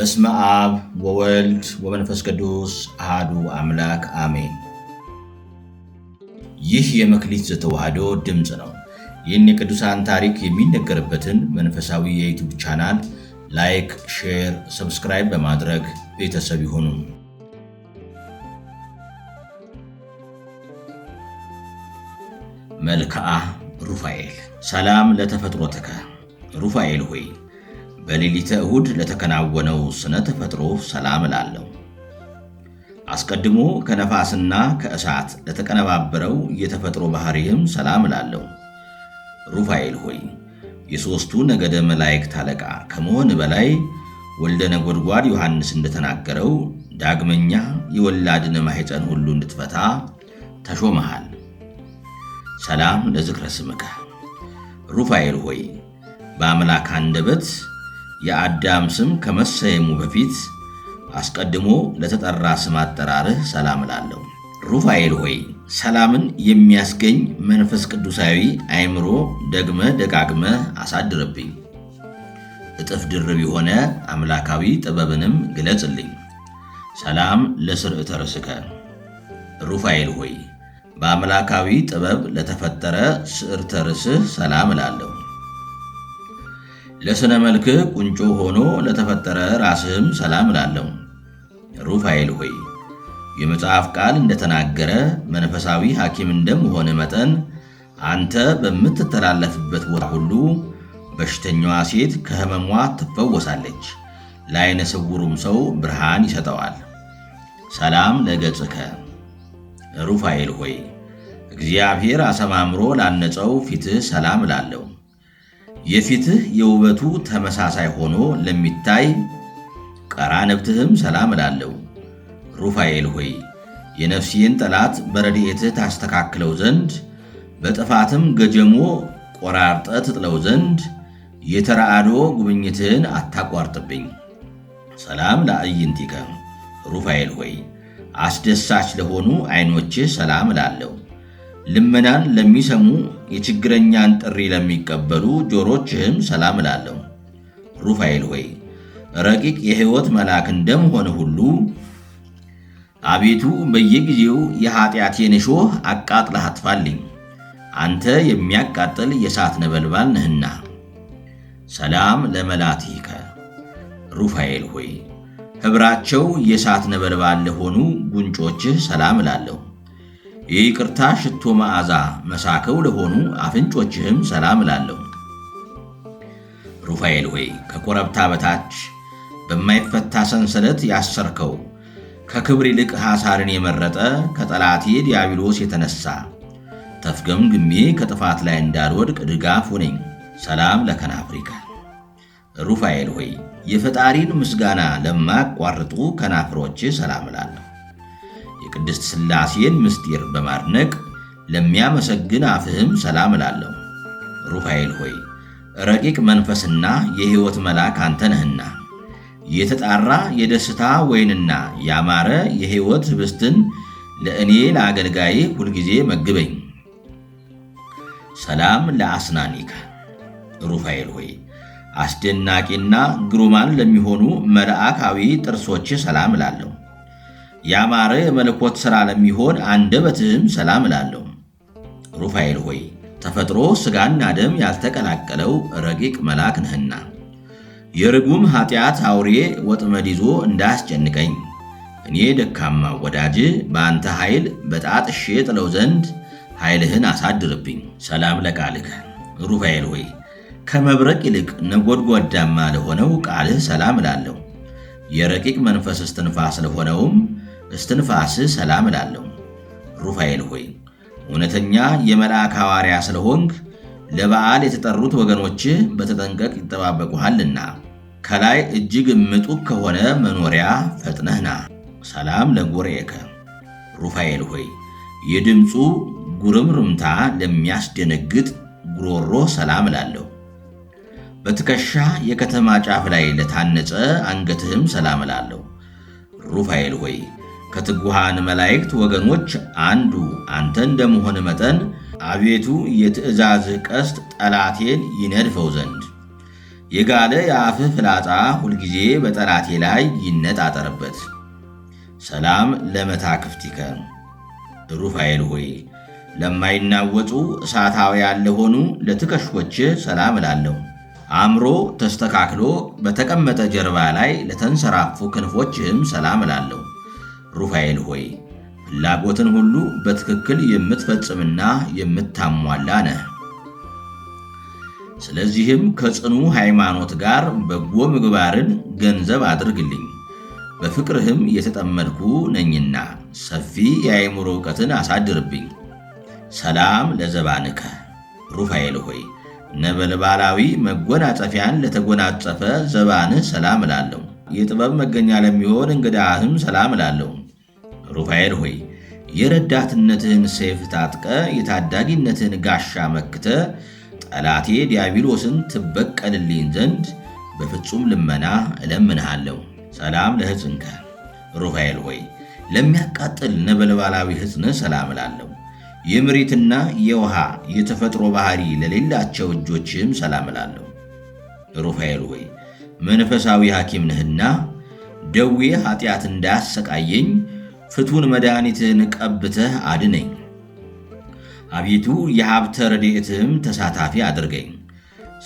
በስመ አብ ወወልድ ወመንፈስ ቅዱስ አሃዱ አምላክ አሜን። ይህ የመክሊት ዘተዋህዶ ድምፅ ነው። ይህን የቅዱሳን ታሪክ የሚነገርበትን መንፈሳዊ የዩቱብ ቻናል ላይክ፣ ሼር፣ ሰብስክራይብ በማድረግ ቤተሰብ ይሁኑ። መልክዓ ሩፋኤል። ሰላም ለተፈጥሮ ተከ ሩፋኤል ሆይ በሌሊተ እሁድ ለተከናወነው ስነ ተፈጥሮ ሰላም እላለሁ። አስቀድሞ ከነፋስና ከእሳት ለተቀነባበረው የተፈጥሮ ባሕሪህም ሰላም እላለሁ። ሩፋኤል ሆይ የሦስቱ ነገደ መላእክት አለቃ ከመሆን በላይ ወልደ ነጎድጓድ ዮሐንስ እንደተናገረው ዳግመኛ የወላድን ማኅፀን ሁሉ እንድትፈታ ተሾመሃል። ሰላም ለዝክረ ስምከ ሩፋኤል ሆይ በአምላክ አንደበት የአዳም ስም ከመሰየሙ በፊት አስቀድሞ ለተጠራ ስም አጠራርህ ሰላም እላለሁ። ሩፋኤል ሆይ ሰላምን የሚያስገኝ መንፈስ ቅዱሳዊ አእምሮ ደግመ ደጋግመ አሳድርብኝ። እጥፍ ድርብ የሆነ አምላካዊ ጥበብንም ግለጽልኝ። ሰላም ለስርዕተ ርእስከ ሩፋኤል ሆይ በአምላካዊ ጥበብ ለተፈጠረ ስዕርተ ርእስህ ሰላም እላለሁ። ለሥነ መልክህ ቁንጮ ሆኖ ለተፈጠረ ራስህም ሰላም እላለሁ። ሩፋኤል ሆይ የመጽሐፍ ቃል እንደተናገረ መንፈሳዊ ሐኪም እንደመሆነ መጠን አንተ በምትተላለፍበት ቦታ ሁሉ በሽተኛዋ ሴት ከሕመሟ ትፈወሳለች፣ ለዓይነ ስውሩም ሰው ብርሃን ይሰጠዋል። ሰላም ለገጽከ ሩፋኤል ሆይ እግዚአብሔር አሰማምሮ ላነጸው ፊትህ ሰላም እላለሁ። የፊትህ የውበቱ ተመሳሳይ ሆኖ ለሚታይ ቀራንብትህም ሰላም እላለሁ። ሩፋኤል ሆይ የነፍሴን ጠላት በረድኤትህ ታስተካክለው ዘንድ በጥፋትም ገጀሞ ቆራርጠ ትጥለው ዘንድ የተራአዶ ጉብኝትህን አታቋርጥብኝ። ሰላም ለአዕይንቲከ ሩፋኤል ሆይ አስደሳች ለሆኑ ዐይኖችህ ሰላም እላለሁ። ልመናን ለሚሰሙ የችግረኛን ጥሪ ለሚቀበሉ ጆሮችህም ሰላም እላለሁ። ሩፋኤል ሆይ ረቂቅ የሕይወት መልአክ እንደምሆን ሁሉ አቤቱ በየጊዜው የኀጢአቴን እሾህ አቃጥለህ አጥፋልኝ፣ አንተ የሚያቃጥል የእሳት ነበልባል ነህና። ሰላም ለመላቲከ ሩፋኤል ሆይ ኅብራቸው የእሳት ነበልባል ለሆኑ ጉንጮችህ ሰላም እላለሁ። የይቅርታ ሽቶ መዓዛ መሳከው ለሆኑ አፍንጮችህም ሰላም እላለሁ። ሩፋኤል ሆይ ከኮረብታ በታች በማይፈታ ሰንሰለት ያሰርከው ከክብር ይልቅ ሐሳርን የመረጠ ከጠላቴ ዲያብሎስ የተነሳ ተፍገምግሜ ከጥፋት ላይ እንዳልወድቅ ድጋፍ ሁነኝ። ሰላም አፍሪካ። ሩፋኤል ሆይ የፈጣሪን ምስጋና ለማያቋርጡ ከናፍሮች ሰላም እላለሁ። የቅድስት ሥላሴን ምስጢር በማድነቅ ለሚያመሰግን አፍህም ሰላም እላለሁ። ሩፋኤል ሆይ ረቂቅ መንፈስና የሕይወት መልአክ አንተ ነህና የተጣራ የደስታ ወይንና ያማረ የሕይወት ህብስትን ለእኔ ለአገልጋይ ሁልጊዜ መግበኝ። ሰላም ለአስናኒከ ሩፋኤል ሆይ አስደናቂና ግሩማን ለሚሆኑ መልአካዊ ጥርሶች ሰላም እላለሁ። ያማረ የመለኮት ሥራ ለሚሆን አንደበትህም ሰላም እላለሁ። ሩፋኤል ሆይ ተፈጥሮ ሥጋና ደም ያልተቀላቀለው ረቂቅ መልአክ ነህና የርጉም ኃጢአት አውሬ ወጥመድ ይዞ እንዳያስጨንቀኝ እኔ ደካማ ወዳጅ በአንተ ኃይል በጣጥሼ ጥለው ዘንድ ኃይልህን አሳድርብኝ። ሰላም ለቃልህ ሩፋኤል ሆይ ከመብረቅ ይልቅ ነጎድጓዳማ ለሆነው ቃልህ ሰላም እላለሁ። የረቂቅ መንፈስ እስትንፋስ ለሆነውም ለስትንፋስህ ሰላም እላለሁ። ሩፋኤል ሆይ እውነተኛ የመልአክ ሐዋርያ ስለሆንክ ለበዓል የተጠሩት ወገኖች በተጠንቀቅ ይጠባበቁሃልና ከላይ እጅግ ምጡቅ ከሆነ መኖሪያ ፈጥነህና ሰላም ለጎርኤከ ሩፋኤል ሆይ የድምፁ ጉርምርምታ ለሚያስደነግጥ ጉሮሮ ሰላም እላለሁ። በትከሻ የከተማ ጫፍ ላይ ለታነጸ አንገትህም ሰላም እላለሁ። ሩፋኤል ሆይ ከትጉሃን መላእክት ወገኖች አንዱ አንተ እንደመሆን መጠን አቤቱ የትእዛዝ ቀስት ጠላቴን ይነድፈው ዘንድ የጋለ የአፍህ ፍላጻ ሁልጊዜ በጠላቴ ላይ ይነጣጠርበት። ሰላም ለመታክፍቲከ ሩፋኤል ሆይ ለማይናወጡ እሳታዊ ያለሆኑ ለትከሾች ሰላም እላለሁ። አእምሮ ተስተካክሎ በተቀመጠ ጀርባ ላይ ለተንሰራፉ ክንፎችህም ሰላም እላለሁ። ሩፋኤል ሆይ ፍላጎትን ሁሉ በትክክል የምትፈጽምና የምታሟላ ነህ። ስለዚህም ከጽኑ ሃይማኖት ጋር በጎ ምግባርን ገንዘብ አድርግልኝ፣ በፍቅርህም የተጠመድኩ ነኝና ሰፊ የአእምሮ እውቀትን አሳድርብኝ። ሰላም ለዘባንከ ሩፋኤል ሆይ ነበልባላዊ መጎናጸፊያን ለተጎናጸፈ ዘባንህ ሰላም እላለሁ። የጥበብ መገኛ ለሚሆን እንግዳህም ሰላም እላለሁ። ሩፋኤል ሆይ የረዳትነትህን ሰይፍ ታጥቀ የታዳጊነትህን ጋሻ መክተ ጠላቴ ዲያብሎስን ትበቀልልኝ ዘንድ በፍጹም ልመና እለምንሃለሁ። ሰላም ለሕፅንከ ሩፋኤል ሆይ ለሚያቃጥል ነበልባላዊ ሕፅን ሰላም እላለሁ። የምሪትና የውሃ የተፈጥሮ ባህሪ ለሌላቸው እጆችህም ሰላም እላለሁ። ሩፋኤል ሆይ መንፈሳዊ ሐኪም ነህና ደዌ ኃጢአት እንዳያሰቃየኝ ፍቱን መድኃኒትን ቀብተህ አድነኝ። አቤቱ የሀብተ ረድኤትህም ተሳታፊ አድርገኝ።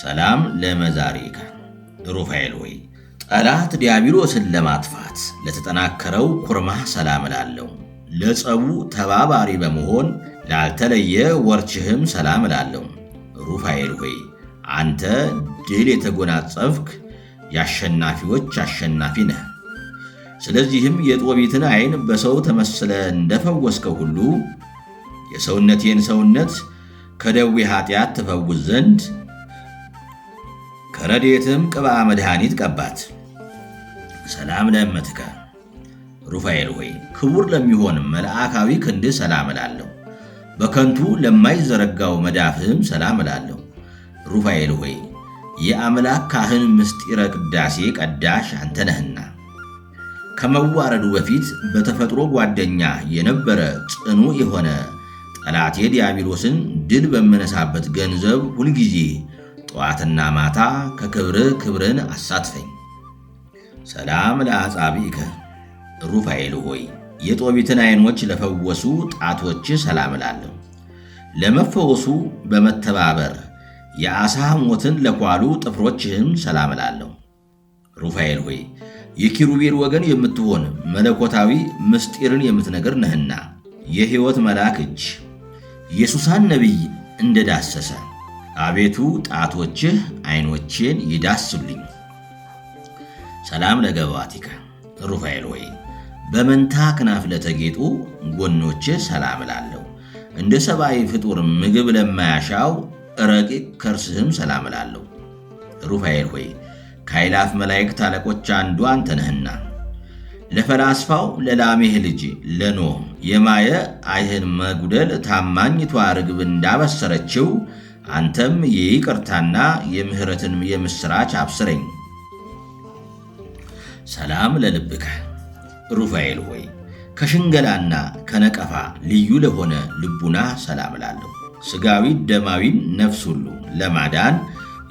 ሰላም ለመዛሪካ ሩፋኤል ሆይ ጠላት ዲያብሎስን ለማጥፋት ለተጠናከረው ኩርማህ ሰላም እላለሁ። ለጸቡ ተባባሪ በመሆን ላልተለየ ወርችህም ሰላም እላለሁ። ሩፋኤል ሆይ አንተ ድል የተጎናጸፍክ የአሸናፊዎች አሸናፊ ነህ። ስለዚህም የጦቢትን ዓይን በሰው ተመስለ እንደፈወስከ ሁሉ የሰውነቴን ሰውነት ከደዌ ኃጢአት ትፈውስ ዘንድ ከረዴትም ቅብአ መድኃኒት ቀባት። ሰላም ለእመትከ ሩፋኤል ሆይ ክቡር ለሚሆን መልአካዊ ክንድህ ሰላም እላለሁ። በከንቱ ለማይዘረጋው መዳፍህም ሰላም እላለሁ። ሩፋኤል ሆይ የአምላክ ካህን ምስጢረ ቅዳሴ ቀዳሽ አንተ ነህና ከመዋረዱ በፊት በተፈጥሮ ጓደኛ የነበረ ጽኑ የሆነ ጠላቴ ዲያብሎስን ድል በምነሳበት ገንዘብ ሁልጊዜ ጠዋትና ማታ ከክብርህ ክብርን አሳትፈኝ። ሰላም ለአጻቢከ ሩፋኤል ሆይ የጦቢትን ዓይኖች ለፈወሱ ጣቶች ሰላም እላለሁ። ለመፈወሱ በመተባበር የአሳ ሞትን ለኳሉ ጥፍሮችህም ሰላም እላለሁ። ሩፋኤል ሆይ የኪሩቤል ወገን የምትሆን መለኮታዊ ምስጢርን የምትነግር ነህና የሕይወት መልአክ እጅ የሱሳን ነቢይ እንደዳሰሰ አቤቱ ጣቶችህ ዐይኖቼን ይዳስሉኝ። ሰላም ለገባቲከ ሩፋኤል ወይ በመንታ ክናፍ ለተጌጡ ጎኖች ሰላም እላለሁ። እንደ ሰብአዊ ፍጡር ምግብ ለማያሻው ረቂቅ ከርስህም ሰላም እላለሁ። ሩፋኤል ሆይ ከኃይላፍ መላእክት አለቆች አንዱ አንተ ነህና ለፈላስፋው ለላሜህ ልጅ ለኖህ የማየ አይህን መጉደል ታማኝቷ ርግብ እንዳበሰረችው አንተም የይቅርታና የምሕረትን የምሥራች አብስረኝ። ሰላም ለልብከ ሩፋኤል ሆይ ከሽንገላና ከነቀፋ ልዩ ለሆነ ልቡና ሰላም እላለሁ። ሥጋዊ ደማዊን ነፍስ ሁሉ ለማዳን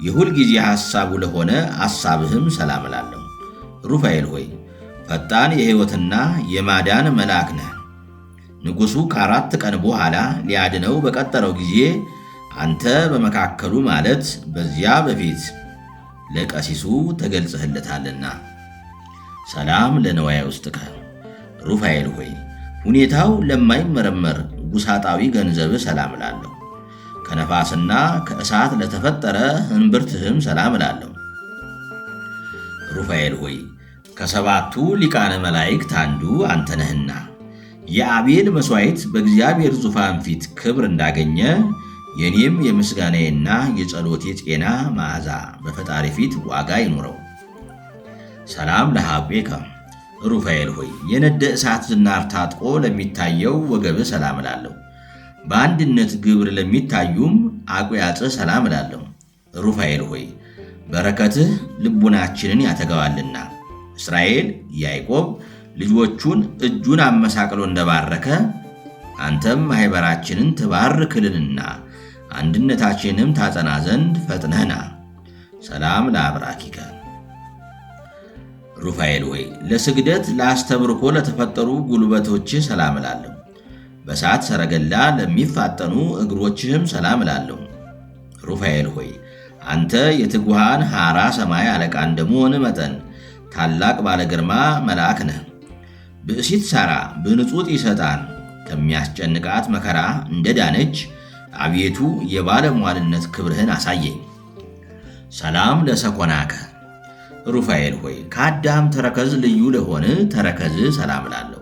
የሁል ጊዜ ሐሳቡ ለሆነ አሳብህም ሰላም እላለሁ። ሩፋኤል ሆይ ፈጣን የሕይወትና የማዳን መልአክ ነህ። ንጉሡ ከአራት ቀን በኋላ ሊያድነው በቀጠረው ጊዜ አንተ በመካከሉ ማለት በዚያ በፊት ለቀሲሱ ተገልጽህለታልና። ሰላም ለነዋያ ውስጥከ ሩፋኤል ሆይ ሁኔታው ለማይመረመር ጉሳጣዊ ገንዘብ ሰላም እላለሁ። ከነፋስና ከእሳት ለተፈጠረ እንብርትህም ሰላም እላለሁ። ሩፋኤል ሆይ ከሰባቱ ሊቃነ መላእክት አንዱ አንተ ነህና የአቤል መሥዋዕት በእግዚአብሔር ዙፋን ፊት ክብር እንዳገኘ የኔም የምስጋናዬና የጸሎቴ ጤና መዓዛ በፈጣሪ ፊት ዋጋ ይኑረው። ሰላም ለሐቄከ ሩፋኤል ሆይ የነደ እሳት ዝናር ታጥቆ ለሚታየው ወገብ ሰላም እላለሁ። በአንድነት ግብር ለሚታዩም አቁያጽ ሰላም እላለሁ። ሩፋኤል ሆይ በረከትህ ልቡናችንን ያተገባልና እስራኤል ያዕቆብ ልጆቹን እጁን አመሳቅሎ እንደባረከ አንተም ማኅበራችንን ትባርክልንና አንድነታችንም ታጸና ዘንድ ፈጥነህና ሰላም ለአብራኪከ ሩፋኤል ሆይ ለስግደት ለአስተብርኮ ለተፈጠሩ ጉልበቶች ሰላም እላለሁ። በሰዓት ሰረገላ ለሚፋጠኑ እግሮችህም ሰላም እላለሁ። ሩፋኤል ሆይ አንተ የትጉሃን ሐራ ሰማይ አለቃ እንደመሆን መጠን ታላቅ ባለግርማ መልአክ ነህ። ብእሲት ሳራ ብንጹጥ ይሰጣን ከሚያስጨንቃት መከራ እንደ ዳነች አቤቱ የባለሟልነት ክብርህን አሳየኝ። ሰላም ለሰኮናከ ሩፋኤል ሆይ ከአዳም ተረከዝ ልዩ ለሆነ ተረከዝ ሰላም እላለሁ።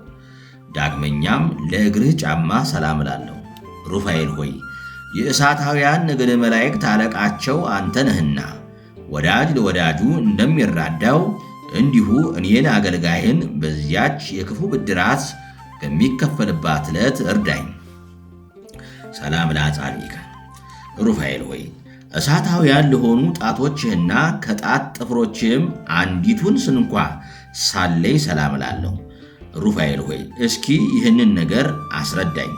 ዳግመኛም ለእግርህ ጫማ ሰላም እላለሁ። ሩፋኤል ሆይ የእሳታውያን ነገደ መላእክት አለቃቸው አንተ ነህና ወዳጅ ለወዳጁ እንደሚራዳው እንዲሁ እኔን አገልጋይህን በዚያች የክፉ ብድራት በሚከፈልባት ዕለት እርዳኝ። ሰላም ለአጻብዒከ ሩፋኤል ሆይ እሳታውያን ለሆኑ ጣቶችህና ከጣት ጥፍሮችህም አንዲቱን ስንኳ ሳለይ ሰላም እላለሁ። ሩፋኤል ሆይ እስኪ ይህንን ነገር አስረዳኝ።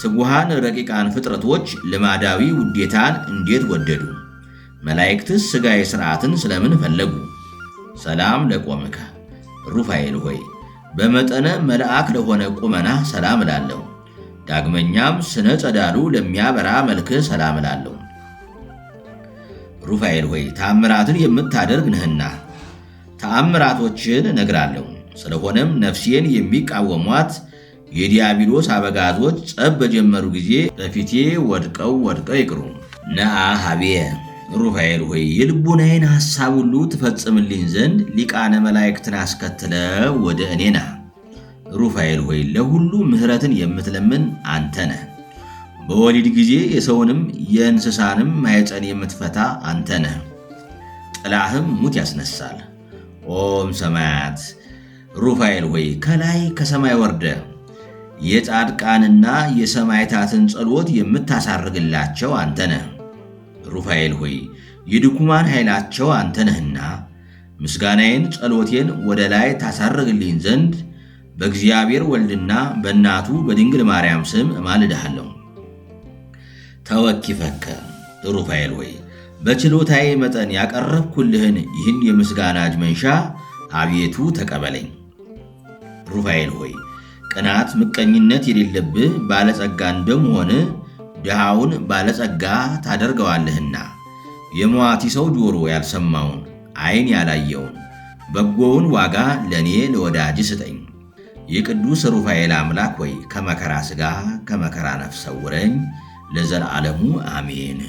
ትጉሃን ረቂቃን ፍጥረቶች ልማዳዊ ውዴታን እንዴት ወደዱ? መላእክትስ ሥጋዊ ሥርዓትን ስለምን ፈለጉ? ሰላም ለቆምከ ሩፋኤል ሆይ በመጠነ መልአክ ለሆነ ቁመና ሰላም እላለሁ። ዳግመኛም ስነ ጸዳሉ ለሚያበራ መልክ ሰላም እላለሁ። ሩፋኤል ሆይ ታምራትን የምታደርግ ነህና ተአምራቶችን እነግራለሁ። ስለሆነም ነፍሴን የሚቃወሟት የዲያብሎስ አበጋዞች ጸብ በጀመሩ ጊዜ በፊቴ ወድቀው ወድቀው ይቅሩ። ነአ ሀቤ ሩፋኤል ሆይ የልቡናዬን ሐሳብ ሁሉ ትፈጽምልኝ ዘንድ ሊቃነ መላእክትን አስከትለ ወደ እኔ ና። ሩፋኤል ሆይ ለሁሉ ምሕረትን የምትለምን አንተ ነህ። በወሊድ ጊዜ የሰውንም የእንስሳንም ማየፀን የምትፈታ አንተ ነህ። ጥላህም ሙት ያስነሳል። ኦም ሰማያት ሩፋኤል ሆይ ከላይ ከሰማይ ወርደ የጻድቃንና የሰማዕታትን ጸሎት የምታሳርግላቸው አንተ ነህ። ሩፋኤል ሆይ የድኩማን ኃይላቸው አንተ ነህና ምስጋናዬን ጸሎቴን ወደ ላይ ታሳርግልኝ ዘንድ በእግዚአብሔር ወልድና በእናቱ በድንግል ማርያም ስም እማልድሃለሁ። ተወኪፈከ ሩፋኤል ሆይ በችሎታዬ መጠን ያቀረብኩልህን ይህን የምስጋና መንሻ አቤቱ ተቀበለኝ። ሩፋኤል ሆይ ቅናት፣ ምቀኝነት የሌለብህ ባለጸጋ እንደመሆን ድሃውን ባለጸጋ ታደርገዋለህና የመዋቲ ሰው ጆሮ ያልሰማውን ዓይን ያላየውን በጎውን ዋጋ ለእኔ ለወዳጅ ስጠኝ። የቅዱስ ሩፋኤል አምላክ ሆይ ከመከራ ሥጋ ከመከራ ነፍስ ሰውረኝ። ለዘላለሙ አሜን።